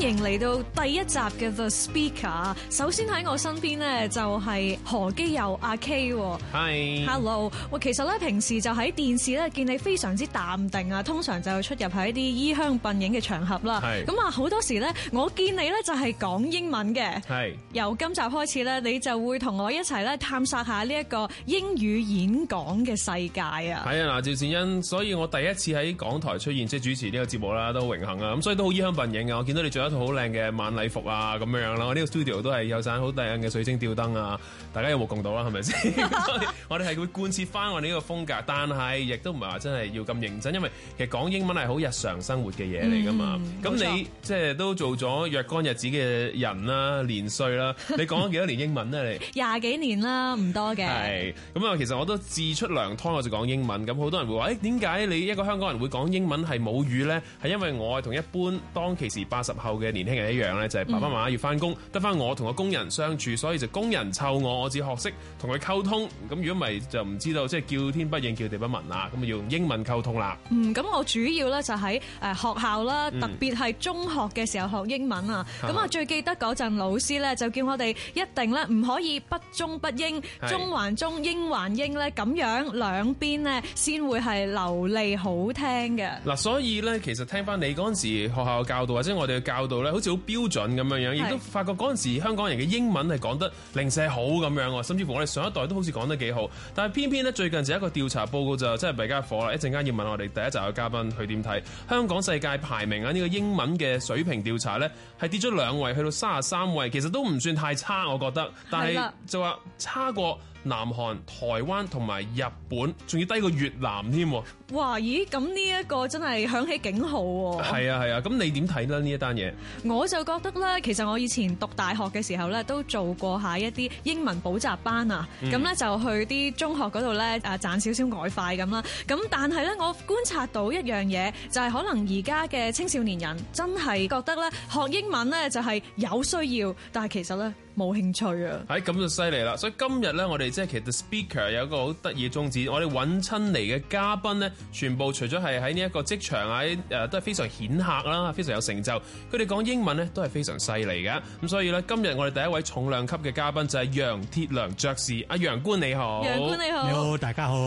歡迎嚟到第一集嘅 The Speaker。首先喺我身邊咧就係何基佑阿 K。係。Hello。喂，其實咧平時就喺電視咧見你非常之淡定啊，通常就出入喺一啲衣香鬢影嘅場合啦。係。咁啊，好多時咧我見你咧就係講英文嘅。係。由今集開始咧，你就會同我一齊咧探索下呢一個英語演講嘅世界啊。係啊，嗱，趙善恩，所以我第一次喺港台出現即係、就是、主持呢個節目啦，都好榮幸啊。咁所以都好衣香鬢影啊，我見到你着好靚嘅晚禮服啊，咁樣啦，我呢個 studio 都係有盞好大眼嘅水晶吊燈啊，大家有冇見到啦？係咪先？所以我哋係會貫徹返我哋呢個風格，但係亦都唔係話真係要咁認真，因為其實講英文係好日常生活嘅嘢嚟㗎嘛。咁你即係都做咗若干日子嘅人啦，年歲啦，你講咗幾多年英文咧？你廿幾年啦，唔多嘅。係咁啊，其實我都自出娘胎我就講英文，咁好多人會話：誒點解你一個香港人會講英文係母語咧？係因為我係同一班當其時八十後。嘅年輕人一樣咧，就係爸爸媽媽要翻工，得翻我同個工人相處，所以就工人湊我，我只學識同佢溝通。咁如果唔係就唔知道，即係叫天不應，叫地不聞啦！咁啊，要用英文溝通啦。嗯，咁我主要咧就喺誒學校啦，特別係中學嘅時候學英文啊。咁啊，我最記得嗰陣老師咧就叫我哋一定咧唔可以不中不英，中還中，英還英咧咁樣兩邊咧先會係流利好聽嘅。嗱，所以咧其實聽翻你嗰陣時學校嘅教導，或者我哋嘅教度咧好似好標準咁樣樣，亦都發覺嗰時香港人嘅英文係講得零舍好咁樣，甚至乎我哋上一代都好似講得幾好，但係偏偏咧最近就一個調查報告就真係比較火啦，一陣間要問我哋第一集嘅嘉賓佢點睇香港世界排名啊，呢個英文嘅水平調查咧係跌咗兩位，去到三十三位，其實都唔算太差，我覺得，但係就話差過南韓、台灣同埋日本，仲要低過越南添喎！哇，咦，咁呢一個真係響起警號喎！係啊，係啊，咁、啊、你點睇呢？呢一單嘢？我就覺得咧，其實我以前讀大學嘅時候咧，都做過下一啲英文補習班啊，咁、嗯、咧就去啲中學嗰度咧，誒賺少少外快咁啦。咁但係咧，我觀察到一樣嘢，就係、係、可能而家嘅青少年人真係覺得咧，學英文咧就係有需要，但係其實咧。冇興趣啊！係咁就犀利啦，所以今日咧，我哋即係其實 the speaker 有一個好得意嘅宗旨，我哋揾親嚟嘅嘉賓咧，全部除咗係喺呢一個職場喺、啊、都係非常顯赫啦，非常有成就。佢哋講英文咧都係非常犀利嘅。咁所以咧，今日我哋第一位重量級嘅嘉賓就係楊鐵樑爵士，阿楊官你好，楊官你好，你好，大家好。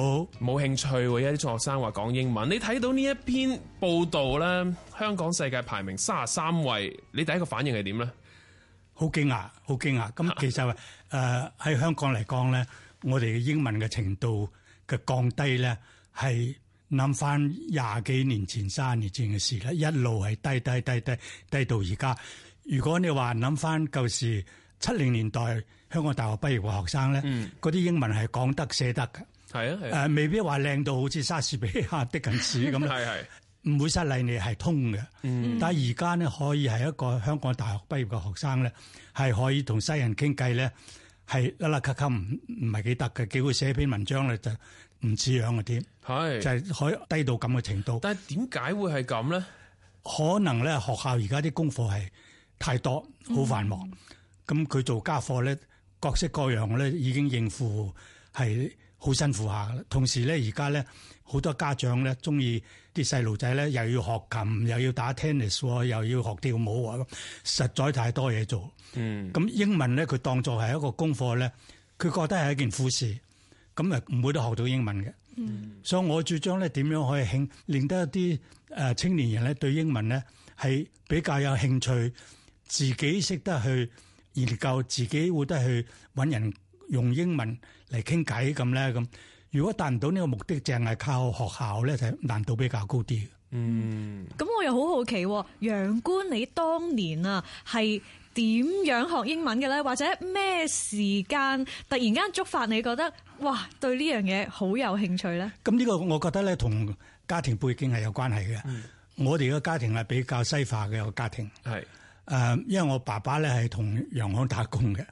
冇興趣喎、啊，一啲中學生話講英文，你睇到呢一篇報道咧，香港世界排名三十三位，你第一個反應係點咧？好驚訝，好驚訝！咁其實誒喺、 呃、香港嚟講咧，我哋嘅英文嘅程度嘅降低咧，係諗翻廿幾年前、三十年前嘅事啦，一路係低低低低低到而家。如果你話諗翻舊時七零年代香港大學畢業嘅學生咧，嗰、嗯、啲英文係講得寫得嘅，係啊，誒、啊呃、未必話靚到好似莎士比亞的近似咁，係 係、啊。 唔會失禮你，你係通嘅、嗯。但係而家咧，可以係一個香港大學畢業嘅學生咧，係可以同西人傾偈咧，係甩甩咔咔，唔唔係幾得嘅，幾會寫篇文章咧就唔似樣嘅添，係就係、是、可以低到咁嘅程度。但係點解會係咁咧？可能咧學校而家啲功課係太多，好繁忙。咁、嗯、佢做家課咧，各式各樣咧已經應付係好辛苦下。同時咧，而家咧。好多家長咧，中意啲細路仔咧，又要學琴，又要打 tennis，又要學跳舞，實在太多嘢做。嗯，咁英文咧，佢當做係一個功課咧，佢覺得係一件苦事，咁咪唔會都學到英文嘅。嗯，所以我主張咧，點樣可以興令得一啲誒青年人咧對英文咧係比較有興趣，自己識得去研究，自己會得去揾人用英文嚟傾偈咁咧咁。如果達唔到呢個目的，淨係靠學校咧，就難度比較高啲。嗯，咁我又好好奇，楊官，你當年啊係點樣學英文嘅咧？或者咩時間突然間觸發你覺得哇，對呢樣嘢好有興趣咧？咁呢個我覺得咧，同家庭背景係有關係嘅。嗯。我哋嘅家庭係比較西化嘅一個家庭，係。誒、呃，因為我爸爸咧係同洋行打工嘅，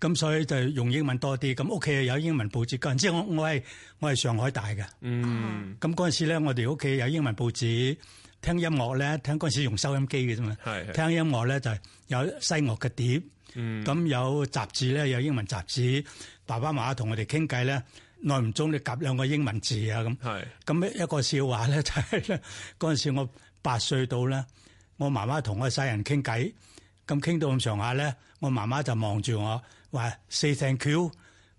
咁所以就用英文多啲。咁屋企有英文報紙，嗰陣時我我係我係上海大嘅，咁嗰陣時咧我哋屋企有英文報紙，聽音樂咧，聽嗰陣時用收音機嘅啫嘛，聽音樂咧就係有西樂嘅碟，咁、嗯、有雜誌咧有英文雜誌，爸爸媽媽同我哋傾偈咧，耐唔中你夾兩個英文字啊咁，咁一個笑話咧就係咧嗰陣時我八歲到咧。我媽媽同我個西人傾偈，咁傾到咁上下咧，我媽媽就望住我話 say thank you。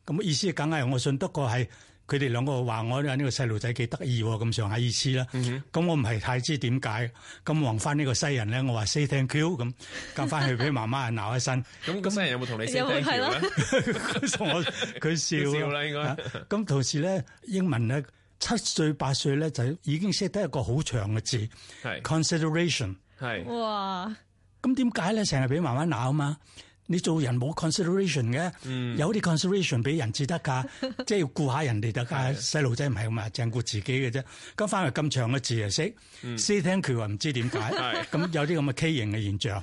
咁意思梗係我信得過係佢哋兩個話我呢個細路仔幾得意咁上下意思啦。咁、嗯、我唔係太知點解，咁望翻呢個西人咧，我話 say thank you。咁，咁翻去俾媽媽鬧一身。咁 咁西人有冇同你 say thank you? 笑幾句咧？佢同我，佢笑啦 應該。咁、啊、同時咧，英文咧七歲八歲咧就已經識得一個好長嘅字，consideration。係哇，咁點解咧？成日俾媽媽鬧啊嘛！你做人冇 consideration 嘅，嗯，有啲 consideration 俾人至得噶， 即係要顧下人哋得㗎。細路仔唔係咁啊，淨顧自己嘅啫。咁翻嚟咁長嘅字就識，識、嗯、聽佢話唔知點解咁有啲咁嘅畸形嘅現象。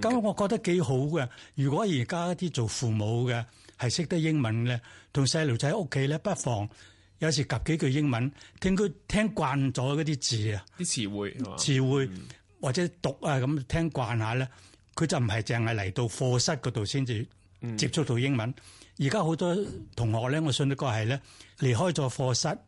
咁、嗯、我覺得幾好嘅。如果而家啲做父母嘅係識得英文呢，同細路仔屋企咧，不妨有時夾幾句英文，聽佢聽慣咗嗰啲字啊，啲詞彙，詞彙。嗯或者讀啊，咁聽慣下咧，佢就唔係淨係嚟到課室嗰度先至接觸到英文。而家好多同學咧，我信得過係咧，離開咗課室。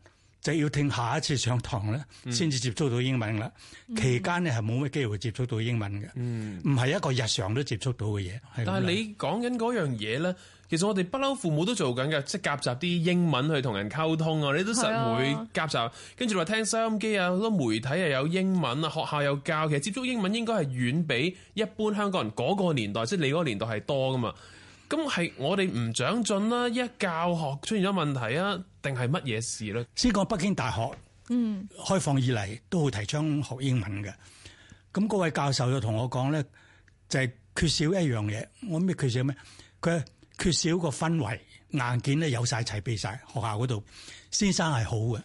就要聽下一次上堂咧，先至接觸到英文啦、嗯。期間咧係冇乜機會接觸到英文嘅，嗯，唔係一個日常都接觸到嘅嘢。但係你講緊嗰樣嘢咧，其實我哋不嬲父母都做緊嘅，即係夾雜啲英文去同人溝通啊。你都實會夾雜，跟住落嚟聽收音機啊，好多媒體又有英文啊，學校又教，其實接觸英文應該係遠比一般香港人嗰個年代，即係你嗰個年代係多噶嘛。咁係我哋唔長進啦，一教學出現咗問題啊，定係乜嘢事咧？先講北京大學，嗯，開放以嚟都好提倡學英文嘅。咁各位教授就同我講咧，就係、是、缺少一樣嘢。我咩缺少咩？佢缺少個氛圍，硬件咧有晒齊備晒。學校嗰度先生係好嘅，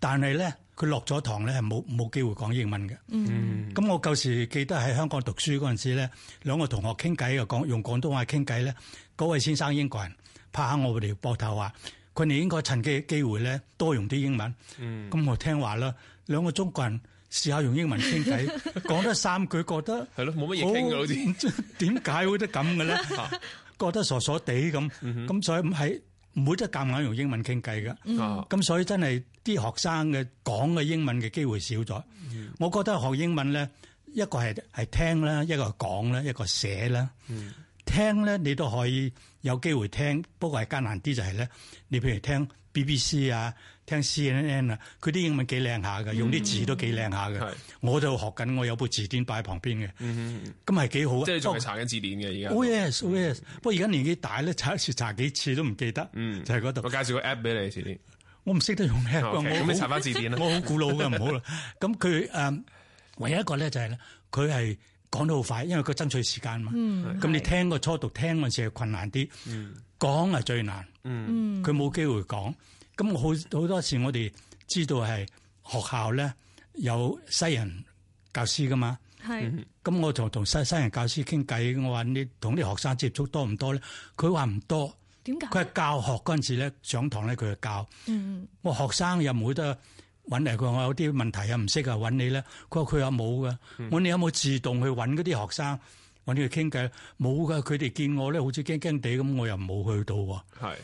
但係咧。佢落咗堂咧，係冇冇機會講英文嘅。咁、嗯、我舊時記得喺香港讀書嗰陣時咧，兩個同學傾偈又講用廣東話傾偈咧，嗰位先生英國人拍下我哋膊頭話：佢哋應該趁機嘅機會咧，多用啲英文。咁、嗯、我聽話啦，兩個中國人試下用英文傾偈，講 得三句覺得係咯，冇乜嘢傾嘅老啲。點 解會得咁嘅咧？ 覺得傻傻地咁，咁、嗯、所以唔喺。唔會得夾硬用英文傾偈嘅，咁、嗯、所以真係啲學生嘅講嘅英文嘅機會少咗、嗯。我覺得學英文咧，一個係係聽啦，一個係講啦，一個係寫啦。嗯、聽咧你都可以有機會聽，不過係艱難啲就係、是、咧，你譬如聽 BBC 啊。聽 CNN 啊，佢啲英文幾靚下嘅，用啲字都幾靚下嘅。Mm -hmm. 我就學緊，我有部字典擺喺旁邊嘅。嗯嗯，咁係幾好啊。即係仲查緊字典嘅而家。哦 yes yes，不過而家、oh yes, oh yes, mm -hmm. 年紀大咧，查一次查幾次都唔記得。就係嗰度。我介紹個 app 俾你先。我唔識得用咩、okay,？咁你查翻字典我好古老嘅，唔好啦。咁佢誒，唯一一個咧就係、是、咧，佢係講得好快，因為佢爭取時間嘛。咁、mm -hmm. 你聽個初讀聽嗰時係困難啲。嗯。講係最難。佢冇機會講。咁我好好多時，我哋知道係學校咧有西人教師噶嘛。係。咁我同西西人教師傾偈，我話你同啲學生接觸多唔多咧？佢話唔多。點解？佢係教學嗰陣時咧，上堂咧佢就教。嗯他他嗯。我學生又唔會得揾嚟，佢話我有啲問題又唔識啊，揾你咧。佢話佢有冇噶。我你有冇自動去揾嗰啲學生揾去傾偈？冇噶，佢哋見我咧，好似驚驚地咁，我又冇去到喎。係。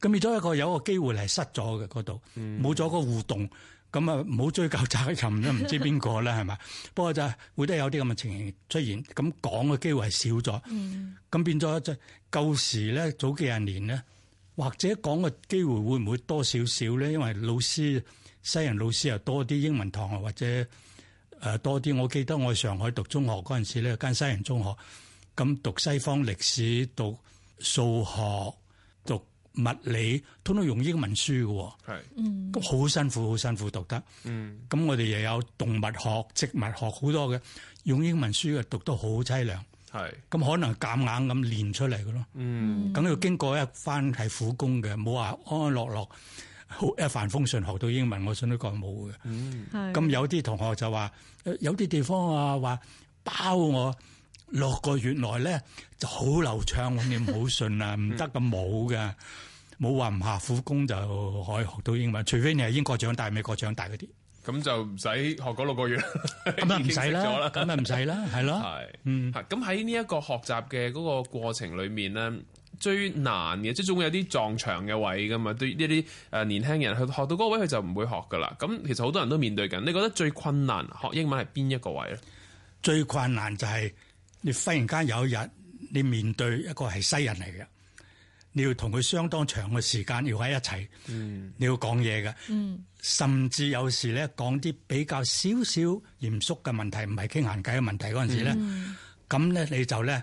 咁變咗一個有一個機會係失咗嘅嗰度，冇咗、嗯、個互動，咁啊唔好追究責任都唔知邊個啦，係 咪？不過就會都有啲咁嘅情形出現，咁講嘅機會係少咗。咁、嗯、變咗即係舊時咧，早幾十年咧，或者講嘅機會會唔會多少少咧？因為老師西人老師又多啲英文堂，或者、呃、多啲。我記得我去上海讀中學嗰陣時呢，咧，間西人中學咁讀西方歷史、讀數學、讀物理通通用英文書嘅。係，嗯，好辛苦，好辛苦讀得，嗯，咁我哋又有動物學、植物學好多嘅，用英文書嘅讀得好凄涼，係，咁可能夾硬咁練出嚟嘅咯，嗯，咁要經過一番係苦工嘅，冇話安安樂樂，好一帆風順學到英文，我信都講冇嘅。嗯，咁有啲同學就話，有啲地方啊話包我。六個月內咧就好流暢，你唔好信啊，唔得咁冇嘅，冇話唔下苦功就可以學到英文。除非你係英國長大、美國長大嗰啲，咁就唔使學嗰六個月。咁 就唔使啦，咁咪唔使啦，係咯。係， 嗯。咁喺呢一個學習嘅嗰個過程裏面咧，最難嘅即係總會有啲撞牆嘅位噶嘛。對呢啲年輕人，去學到嗰位佢就唔會學噶啦。咁其實好多人都面對緊。你覺得最困難學英文係邊一個位咧？最困難就係、是。你忽然間有一日，你面對一個係西人嚟嘅，你要同佢相當長嘅時間要喺一齊、嗯，你要講嘢嘅，甚至有時咧講啲比較少少嚴肅嘅問題，唔係傾閒偈嘅問題嗰陣時咧，咁、嗯、咧你就咧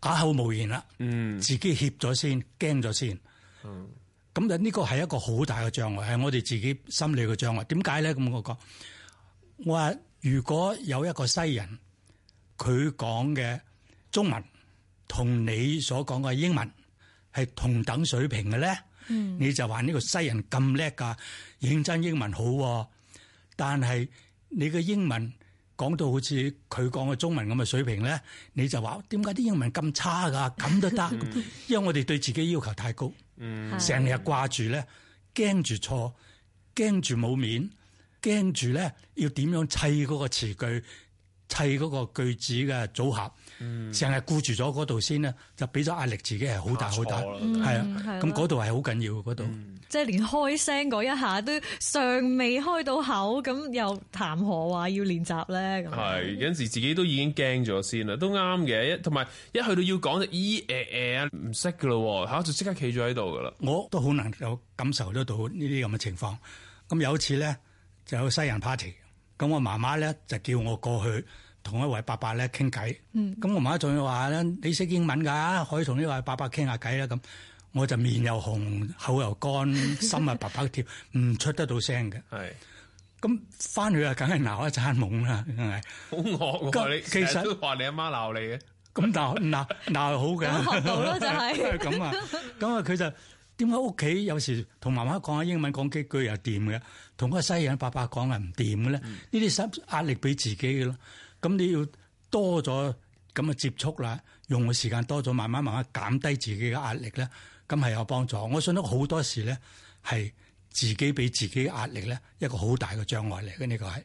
啞口無言啦、嗯，自己怯咗先，驚咗先，咁就呢個係一個好大嘅障礙，係我哋自己心理嘅障礙。點解咧？咁我講，我話如果有一個西人。佢講嘅中文同你所講嘅英文係同等水平嘅咧、嗯，你就話呢個西人咁叻㗎，認真英文好、啊。但係你嘅英文講到好似佢講嘅中文咁嘅水平咧，你就話點解啲英文咁差㗎、啊？咁都得， 因為我哋對自己要求太高，成、嗯、日掛住咧，驚住錯，驚住冇面，驚住咧要點樣砌嗰個詞句。砌嗰個句子嘅組合，成日顧住咗嗰度先咧，就俾咗壓力自己係好大好大，係啊，咁嗰度係好緊要嗰度、嗯，即係連開聲嗰一下都尚未開到口，咁又談何話要練習咧？咁係有陣時自己都已經驚咗先啦，都啱嘅，一同埋一去到要講就 E L L 唔識嘅咯喎，嚇就即刻企咗喺度嘅啦。我都好難有感受得到呢啲咁嘅情況。咁有一次咧，就有西人 party。咁我媽媽咧就叫我過去同一位伯伯咧傾偈，咁、嗯、我媽仲要話咧：你識英文㗎，可以同呢位伯伯傾下偈啦。咁我就面又紅，口又乾，心啊啪啪跳，唔 出得到聲嘅。咁 翻去啊，梗係鬧一餐懵啦，好 惡那 其實都話你阿媽鬧你嘅，咁鬧鬧好嘅，其 就係、是。咁啊，咁啊，佢就。點解屋企有時同媽媽講下英文講幾句又掂嘅，同個西人伯伯講係唔掂嘅咧？呢、嗯、啲壓力俾自己嘅咯。咁你要多咗咁嘅接觸啦，用嘅時間多咗，慢慢慢慢減低自己嘅壓力咧，咁係有幫助。我信得好多時咧，係自己俾自己嘅壓力咧，一個好大嘅障礙嚟嘅呢個係。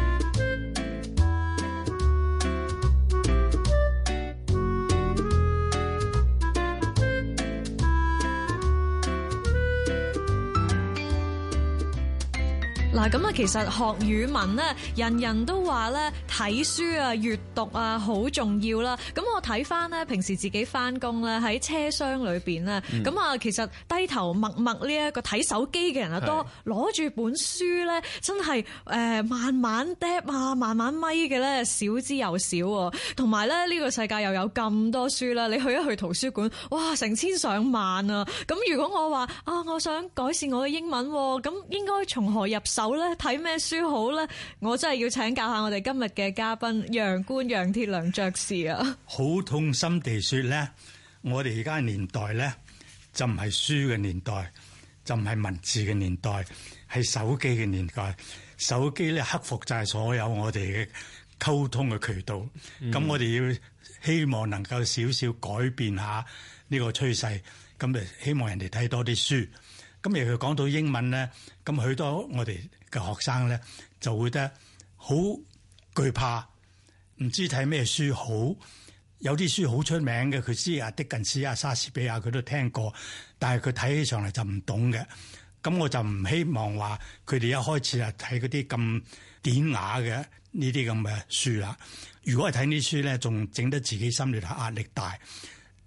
咁啊，其實學語文咧，人人都話咧，睇書啊、閱讀啊好重要啦。咁我睇返咧，平時自己返工咧，喺車廂裏邊咧，咁、嗯、啊，其實低頭默默呢、這、一個睇手機嘅人啊多，攞住本書咧，真係誒、呃、慢慢嗒啊，慢慢咪嘅咧少之又少喎、啊。同埋咧，呢、這個世界又有咁多書啦，你去一去圖書館哇，成千上萬啊！咁如果我話啊，我想改善我嘅英文、啊，咁應該從何入手？好啦，睇咩書好咧？我真係要請教下我哋今日嘅嘉賓楊官楊鐵樑爵士啊！好痛心地說咧，我哋而家嘅年代咧，就唔係書嘅年代，就唔係文字嘅年代，係手機嘅年代。手機咧，克服就係所有我哋嘅溝通嘅渠道。咁、嗯、我哋要希望能夠少少改變一下呢個趨勢。咁就希望人哋睇多啲書。咁尤其講到英文咧，咁許多我哋。嘅學生咧就會得好懼怕，唔知睇咩書好。有啲書好出名嘅，佢知啊，狄更斯啊，莎士比亞佢都聽過，但係佢睇起上嚟就唔懂嘅。咁我就唔希望話佢哋一開始啊睇嗰啲咁典雅嘅呢啲咁嘅書啦。如果係睇呢啲書咧，仲整得自己心裏頭壓力大，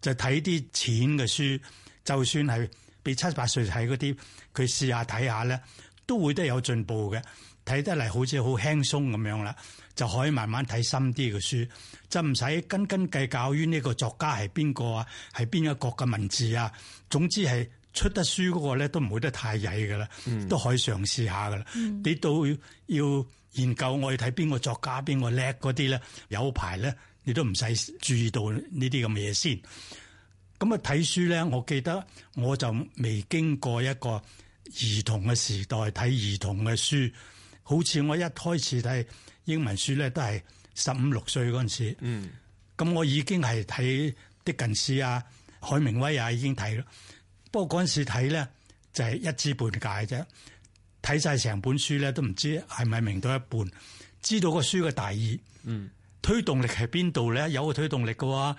就睇啲淺嘅書。就算係俾七八歲睇嗰啲，佢試下睇下咧。都會都有進步嘅，睇得嚟好似好輕鬆咁樣啦，就可以慢慢睇深啲嘅書，就唔使斤斤計較於呢個作家係邊個啊，係邊一國嘅文字啊，總之係出得書嗰個咧都唔會得太曳㗎啦，都可以嘗試下㗎啦、嗯。你都要研究，我要睇邊個作家邊個叻嗰啲咧，有排咧你都唔使注意到呢啲咁嘅嘢先。咁啊睇書咧，我記得我就未經過一個。兒童嘅時代睇兒童嘅書，好似我一開始睇英文書咧，都係十五六歲嗰陣時候，咁、嗯、我已經係睇狄更斯啊、海明威啊，已經睇咯。不過嗰陣時睇咧就係、是、一知半解啫，睇晒成本書咧都唔知係咪明到一半，知道個書嘅大意。推動力係邊度咧？有個推動力嘅話，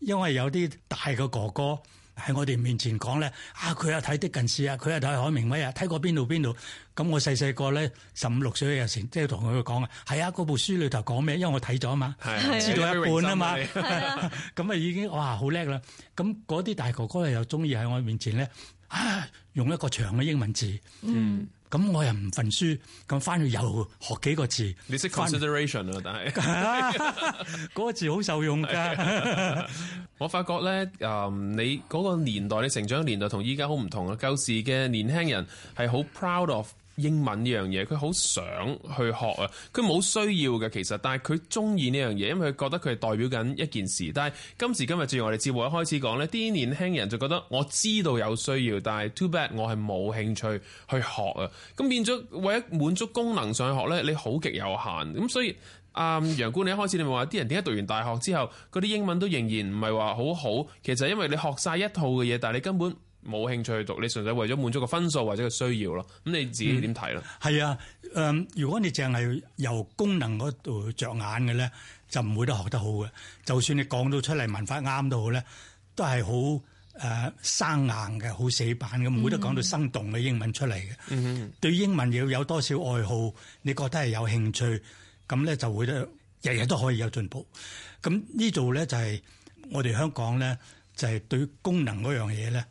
因為有啲大嘅哥哥。喺我哋面前講咧，啊佢又睇狄更斯啊，佢又睇海明威啊，睇過邊度邊度。咁我細細個咧，十五六歲嘅時候，即係同佢講啊，係啊，嗰部書裏頭講咩？因為我睇咗啊嘛，知道一半啊嘛。咁啊，啊 已經哇好叻啦。咁嗰啲大哥哥又中意喺我面前咧，啊！用一個長嘅英文字，嗯，咁我又唔份書，咁翻去又學幾個字。你識 consideration 啊？但係嗰 個字好受用㗎。 我發覺咧，誒，你嗰個年代，你成長年代同依家好唔同啊！舊時嘅年輕人係好 proud of。英文呢樣嘢，佢好想去學啊！佢冇需要嘅其實，但係佢中意呢樣嘢，因為佢覺得佢係代表緊一件事。但係今時今日，正如我哋節目一開始講呢啲年輕人就覺得我知道有需要，但係 too bad 我係冇興趣去學啊！咁變咗為咗滿足功能上去學呢，你好極有限。咁所以，阿、嗯、楊官你一開始你咪話啲人點解讀完大學之後，嗰啲英文都仍然唔係話好好？其實因為你學晒一套嘅嘢，但係你根本。冇興趣去讀，你純粹為咗滿足個分數或者個需要咯。咁你自己點睇咧？係啊，誒，如果你淨係由功能嗰度著眼嘅咧，就唔會得學得好嘅。就算你講到出嚟文法啱都好咧，都係好誒生硬嘅，好死板嘅，唔會得講到生動嘅英文出嚟嘅。對英文要有多少愛好，你覺得係有興趣咁咧，就會咧日日都可以有進步。咁呢度咧就係我哋香港咧就係對功能嗰樣嘢咧。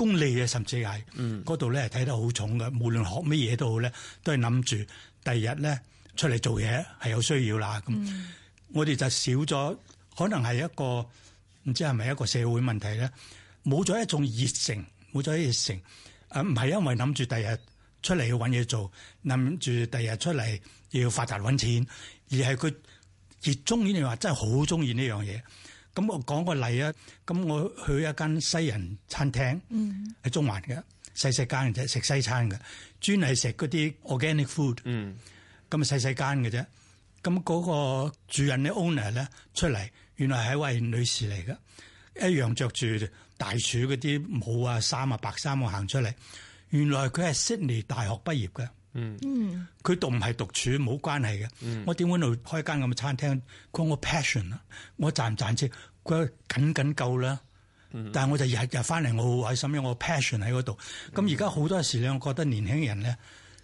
功利嘅，甚至係嗰度咧係睇得好重嘅、嗯。無論學乜嘢都好咧，都係諗住第二日咧出嚟做嘢係有需要啦。咁、嗯、我哋就少咗，可能係一個唔知係咪一個社會問題咧，冇咗一種熱誠，冇咗熱誠。啊，唔係因為諗住第日出嚟要揾嘢做，諗住第二日出嚟要發達揾錢，而係佢熱衷你話真係好中意呢樣嘢。咁我講個例啊，咁我去一間西人餐廳，喺、嗯、中環嘅，細細間嘅啫，食西餐嘅，專係食嗰啲 organic food、嗯。咁啊細細間嘅啫，咁嗰個主人咧 owner 咧出嚟，原來係一位女士嚟嘅，一樣着住大廚嗰啲帽啊衫啊白衫啊行出嚟，原來佢係悉尼大學畢業嘅。嗯，佢讀唔係讀廚冇關係嘅、嗯。我點會度開間咁嘅餐廳？講我 passion 啊，我賺唔賺錢？佢緊緊夠啦，但係我就日日翻嚟，我好開心，因為我有 passion 喺嗰度。咁而家好多時咧，我覺得年輕人咧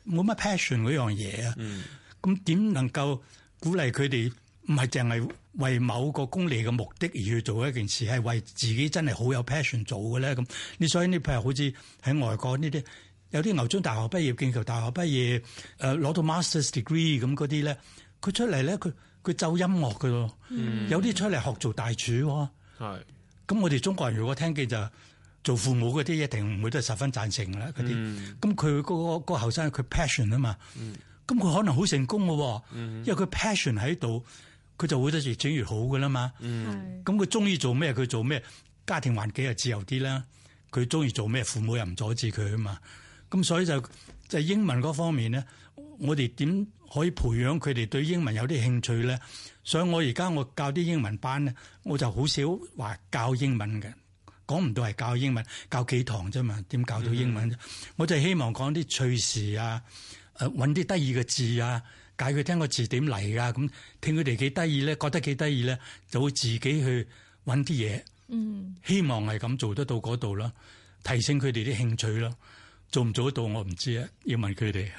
冇乜 passion 嗰樣嘢啊。咁、嗯、點能夠鼓勵佢哋唔係淨係為某個功利嘅目的而去做一件事，係為自己真係好有 passion 做嘅咧？咁你所以你譬如好似喺外國呢啲有啲牛津大學畢業、劍橋大學畢業、呃、攞到 master's degree 咁嗰啲咧，佢出嚟咧佢。佢奏音樂嘅咯、嗯，有啲出嚟學做大廚喎、哦。咁我哋中國人如果聽見就做父母嗰啲一定唔會都係十分贊成啦。嗰、嗯、啲，咁佢嗰個嗰後生佢 passion 啊嘛，咁、嗯、佢可能好成功嘅喎、哦嗯，因為佢 passion 喺度，佢就會得越整越好㗎啦嘛。咁佢中意做咩佢做咩，家庭環境又自由啲啦。佢中意做咩父母又唔阻止佢啊嘛。咁所以就就即係、英文嗰方面咧。我哋點可以培養佢哋對英文有啲興趣咧？所以我而家我教啲英文班咧，我就好少話教英文嘅，講唔到係教英文，教幾堂啫嘛？點教到英文啫？我就希望講啲趣事啊，誒揾啲得意嘅字啊，解佢聽個字點嚟啊，咁聽佢哋幾得意咧，覺得幾得意咧，就會自己去揾啲嘢。嗯，希望係咁做得到嗰度囉，提升佢哋啲興趣囉。做唔做得到我唔知啊，要問佢哋。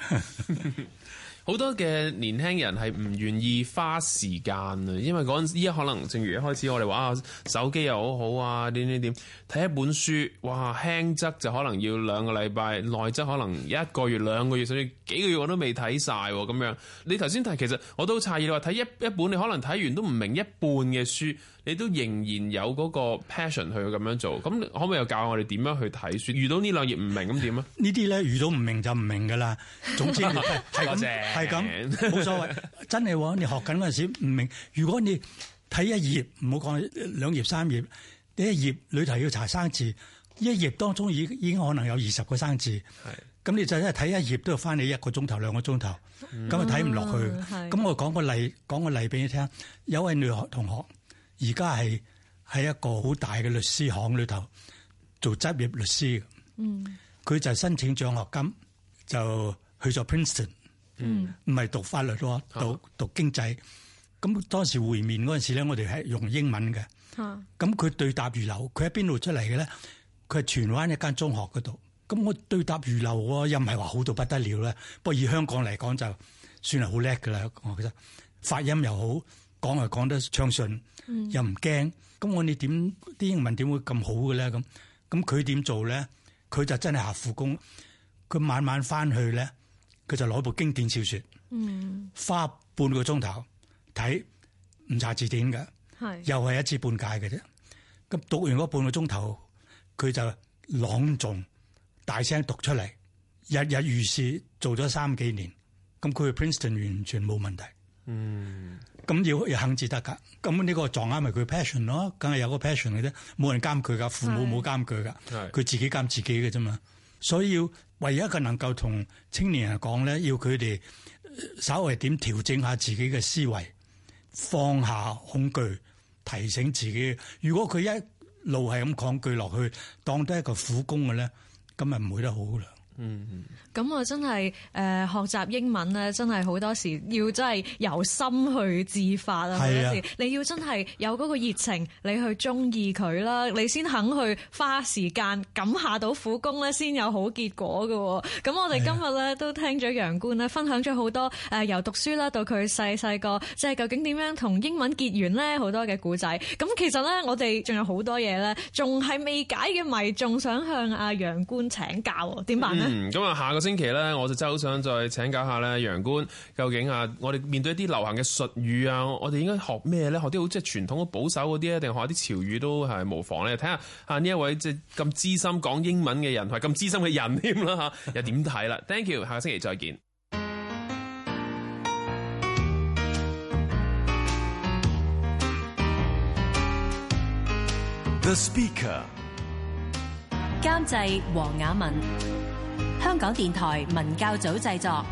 好多嘅年輕人係唔願意花時間啊，因為嗰陣依家可能，正如一開始我哋話、啊、手機又好好啊，點點點睇一本書，哇輕則就可能要兩個禮拜，內則可能一個月、兩個月，甚至幾個月我都未睇晒喎。咁樣。你頭先睇，其實我都好詫異，你話睇一一本你可能睇完都唔明一半嘅書，你都仍然有嗰個 passion 去咁樣做，咁可唔可以又教我哋點樣去睇書？遇到呢兩頁唔明咁點啊？呢啲咧遇到唔明就唔明噶啦，總之係嗰 係咁冇，所謂，真係喎、哦。你學緊嗰陣時唔明，如果你睇一頁，唔好講兩頁、三頁，你一頁裏頭要查生字，一頁當中已已經可能有二十個生字，咁你就真係睇一頁都要翻你一個鐘頭、兩個鐘頭，咁啊睇唔落去。咁、嗯、我講個例，講個例俾你聽，有位女學同學而家係喺一個好大嘅律師行裏頭做執業律師。嗯，佢就係申請獎學金，就去咗 Princeton。嗯，唔係讀法律咯，讀、啊、讀,讀經濟。咁當時會面嗰陣時咧，我哋係用英文嘅。咁、啊、佢對答如流，佢喺邊度出嚟嘅咧？佢係荃灣一間中學嗰度。咁我對答如流、哦，又唔係話好到不得了呢。不過以香港嚟講，就算係好叻噶啦。我覺得發音又好，講又講得暢順、嗯，又唔驚。咁我哋點啲英文點會咁好嘅咧？咁咁佢點做咧？佢就真係下苦工，佢晚晚翻去咧。佢就攞部經典小說，嗯、花半個鐘頭睇，唔查字典㗎，又係一知半解嘅啫。咁讀完嗰半個鐘頭，佢就朗誦，大聲讀出嚟，日日如是做咗三幾年，咁佢去 Princeton 完全冇問題。嗯，咁要要肯字得噶，咁呢個撞啱咪佢 passion 咯，梗係有個 passion 嘅啫，冇人監佢噶，父母冇監佢噶，佢自己監自己嘅啫嘛。所以要唯一個能夠同青年人講咧，要佢哋稍微點調整下自己嘅思維，放下恐懼，提醒自己，如果佢一路係咁抗拒落去，當得一個苦工嘅咧，咁咪唔會得好啦。嗯嗯，咁、嗯、我真係誒、呃、學習英文咧，真係好多時要真係由心去自發啊！好多時你要真係有嗰個熱情，你去中意佢啦，你先肯去花時間，咁下到苦功咧，先有好結果噶、啊。咁我哋今日咧、啊、都聽咗楊官咧，分享咗好多誒、呃、由讀書啦到佢細細個，即、就、係、是、究竟點樣同英文結緣咧，好多嘅古仔。咁其實咧，我哋仲有好多嘢咧，仲係未解嘅謎，仲想向阿楊官請教，點辦咧？嗯咁、嗯、啊，下個星期咧，我就真係好想再請教一下咧，楊官，究竟啊，我哋面對一啲流行嘅術語啊，我哋應該學咩咧？學啲好即係傳統、好保守嗰啲咧，定學啲潮語都係無妨咧？睇下啊呢一位即係咁資深講英文嘅人，係咁資深嘅人添啦嚇，又點睇啦？Thank you，下個星期再見。The Speaker，監製黃雅文。香港電台文教組製作。